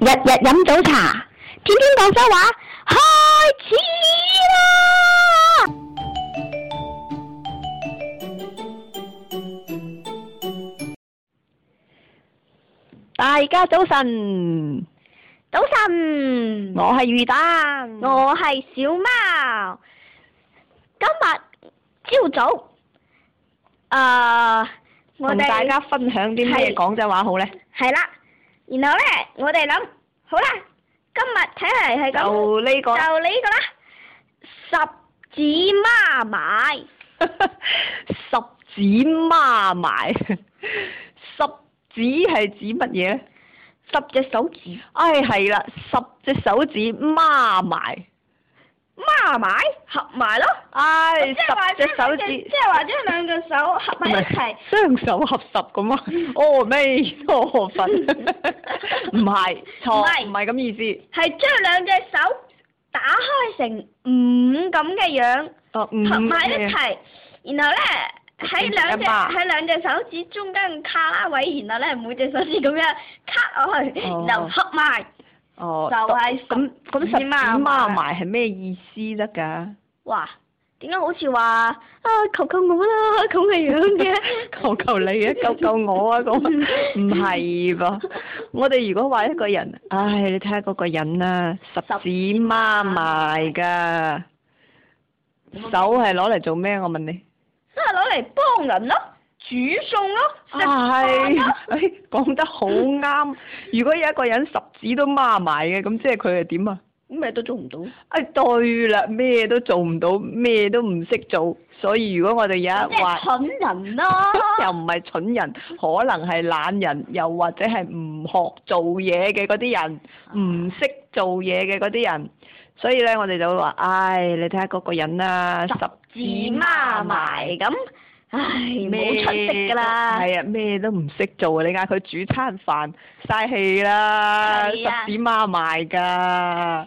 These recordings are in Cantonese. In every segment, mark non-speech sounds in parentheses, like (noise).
日日飲早茶，天天廣州話，開始啦！大家早晨，早晨安，我係魚蛋，我係小貓。今日朝早，啊、呃，我哋們同大家分享啲咩廣州話好咧？係啦。然後咧，我哋諗好啦，今日睇嚟，係咁，就呢個、就呢個啦，十指孖埋， (laughs) 十指孖媽埋， (laughs) 十指係指乜嘢？十隻手指，唉、哎，係啦，十隻手指孖埋。孖埋合埋咯，即係或者即係或者十隻手指，即係或者兩隻手合埋一齊，雙手合十咁啊！哦咪哦粉，唔係，錯，唔係咁意思，係將兩隻手打開成五咁嘅樣，合埋一齊，然後咧喺兩隻喺兩隻手指中間卡拉位，然後咧每隻手指咁樣卡落去，然後合埋。就係咁，嗰啲十指孖埋係咩意思得㗎？哇！點解好似話啊？求求我啦，咁嘅樣嘅，求求你啊！救救我啊！咁唔係噃？我哋如果話一個人，唉，你睇下嗰個人啦，十指孖埋㗎，手係攞嚟做咩？我問你，即係攞嚟幫人咯。煮餸咯、啊，係、啊，誒講、哎哎、得好啱。 (laughs) 如果有一個人十指都孖埋嘅，咁即係佢係點啊？咩都做唔到。誒、哎、對啦，咩都做唔到，咩都唔識做。所以如果我哋有一話，蠢人啦、啊， (laughs) 又唔係蠢人，可能係懶人，又或者係唔學做嘢嘅嗰啲人，唔識 (laughs) 做嘢嘅嗰啲人。所以咧，我哋就會話，唉、哎，你睇下嗰個人啦、啊，十指孖埋咁。唉，咩冇出息噶啦，係啊？咩、哎、都唔識做啊！你嗌佢煮餐飯，嘥氣啦，十指孖埋噶，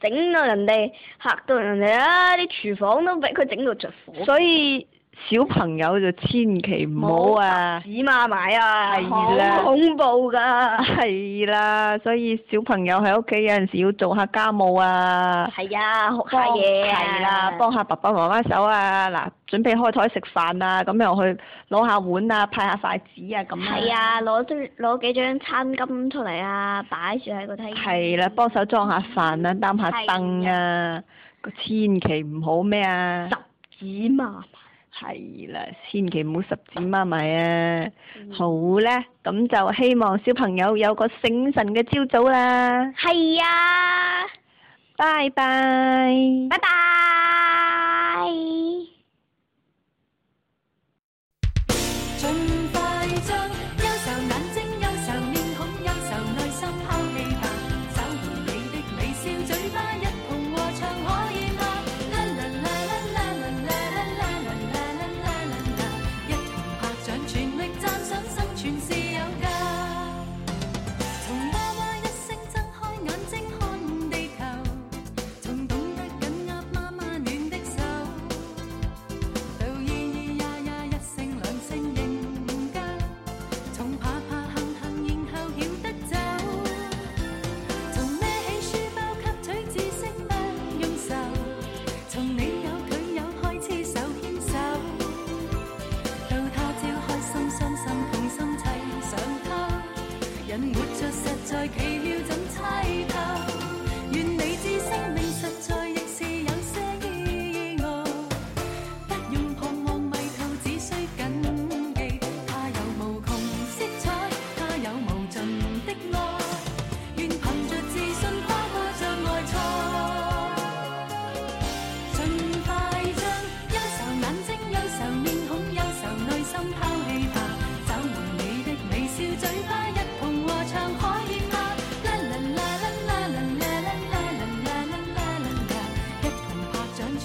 整到人哋嚇到人哋啦！啲廚房都俾佢整到着火。所以。小朋友就千祈唔好啊！十指孖埋啊，好恐怖㗎！係啦，所以小朋友喺屋企有陣時要做下家務啊。係啊，學下嘢啊。係啦，幫下爸爸媽媽手啊！嗱，準備開枱食飯啊，咁又去攞下碗啊，派下筷子啊，咁啊。係啊，攞張攞幾張餐巾出嚟啊，擺住喺個梯。係啦，幫手裝下飯啊，擔下凳啊，個千祈唔好咩啊！十指孖。係啦，千祈唔好十指孖埋啊！ (laughs) 好咧，咁就希望小朋友有個醒神嘅朝早啦。係啊，拜拜 bye。拜拜。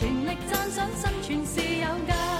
全力贊賞，生存是有價。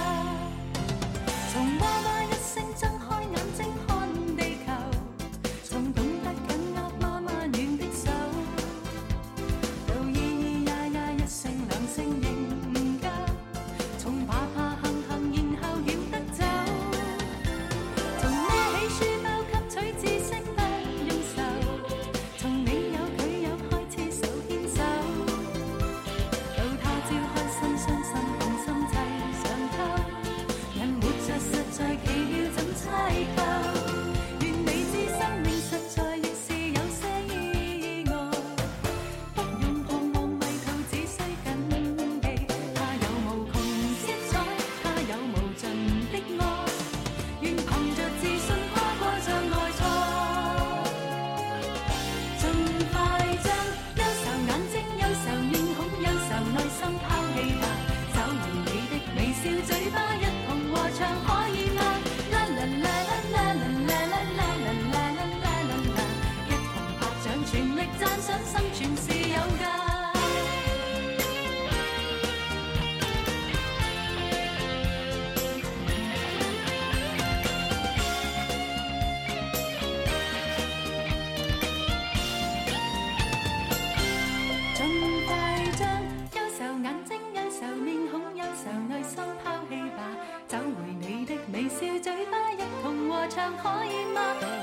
可以嗎？